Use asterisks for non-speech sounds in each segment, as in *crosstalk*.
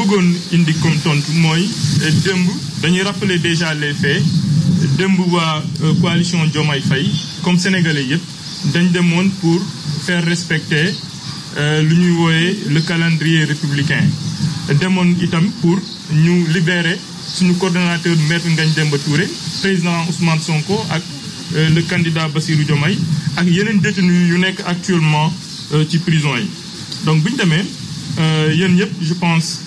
bëggoon indi comme tontu mooy euh, démb dañuy rappeler déjà les faits démb waa euh, coalition Diomaye Fay comme sénégalais yépp dañ demoon pour faire respecter euh, lu ñuy wooyee le calendrier républicain demoon itam pour ñu libérer suñu coordonnateur maître Ngagne Demba Touré président Ousmane Sonko ak le candidat Bassirou Diomaye ak yeneen détenus yu nekk actuellement ci prison yi donc bu ñu demee yéen ñëpp je pense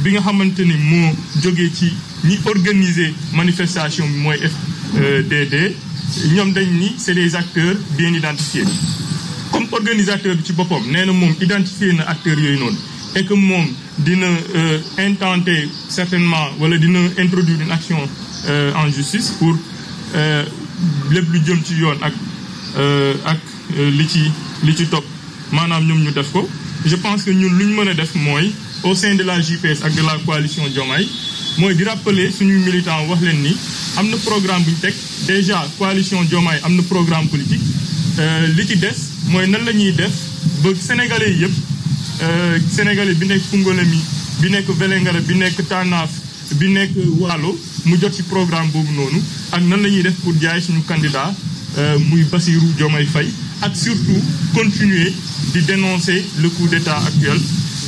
bi nga xamante ni moo jógee ci organiser manifestation moi FDD euh, ñoom dañ ni c'est les acteurs bien identifiés comme organisateur bi ci boppam nee mon identifier na acteurs yooyu et que moom dina euh, intenter certainement wala dina introduire une action euh, en justice pour lépp lu jëm ci yoon ak ak li ci li ci top manam ñoom ñu def ko je pense que ñun lu ñu mën def au sein de la JPS et de la coalition Diomaye Je rappeler militants wax programme politique déjà coalition Diomaye programme politique euh, li ci dess nan lañuy sénégalais euh, sénégalais bi bi bi bi mu ci programme les Sénégalais, ak nan les def pour jaay suñu candidat euh, surtout continuer de dénoncer le coup d'état actuel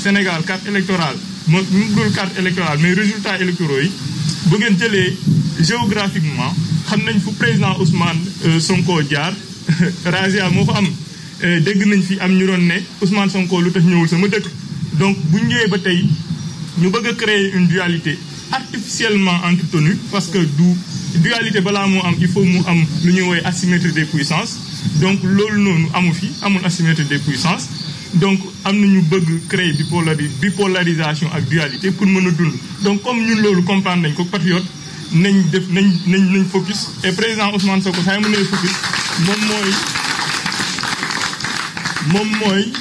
Sénégal carte électorale Nous carte électorale mais résultats électoraux yi bu géographiquement xam nañ fu président Ousmane euh, Sonko diar *laughs* Razia moo fa am euh, dégg nañ Ousmane Sonko lu tax ñëwul sama donc bu ñëwee ba voulons créer une dualité artificiellement entretenue parce que la dualité est il faut que am lu asymétrie des puissances donc nous, nous, amu fi amul asymétrie des puissances donc am na ñu bëgg créer bipolari bipolarisation ak dualité pour mën a dund donc comme ñun loolu comprendre nañ ko patriote nañ def nañ nañ nañ focus et président Ousmane Sonko saa mu nee focus moom mooy moom mooy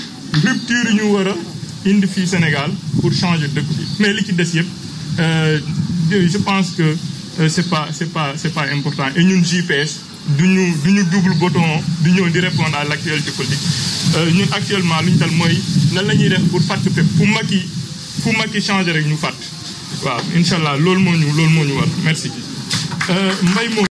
rupture ñu war a indi fii Sénégal pour changer dëkk bi mais li ci des yëpp euh, je pense que euh, c'est pas c'est pas c'est pas important et ñun JPS duñu ñu double bouton di ñëw di répondre à l'actualité politique euh, ñun actuellement luñ tal mooy nan la ñuy def pour fàtt fépp fu Macky fu Macky changé rek ñu fàtt waaw incha allah loolu moo ñu loolu moo ñu war merci euh, Mbaye Mbow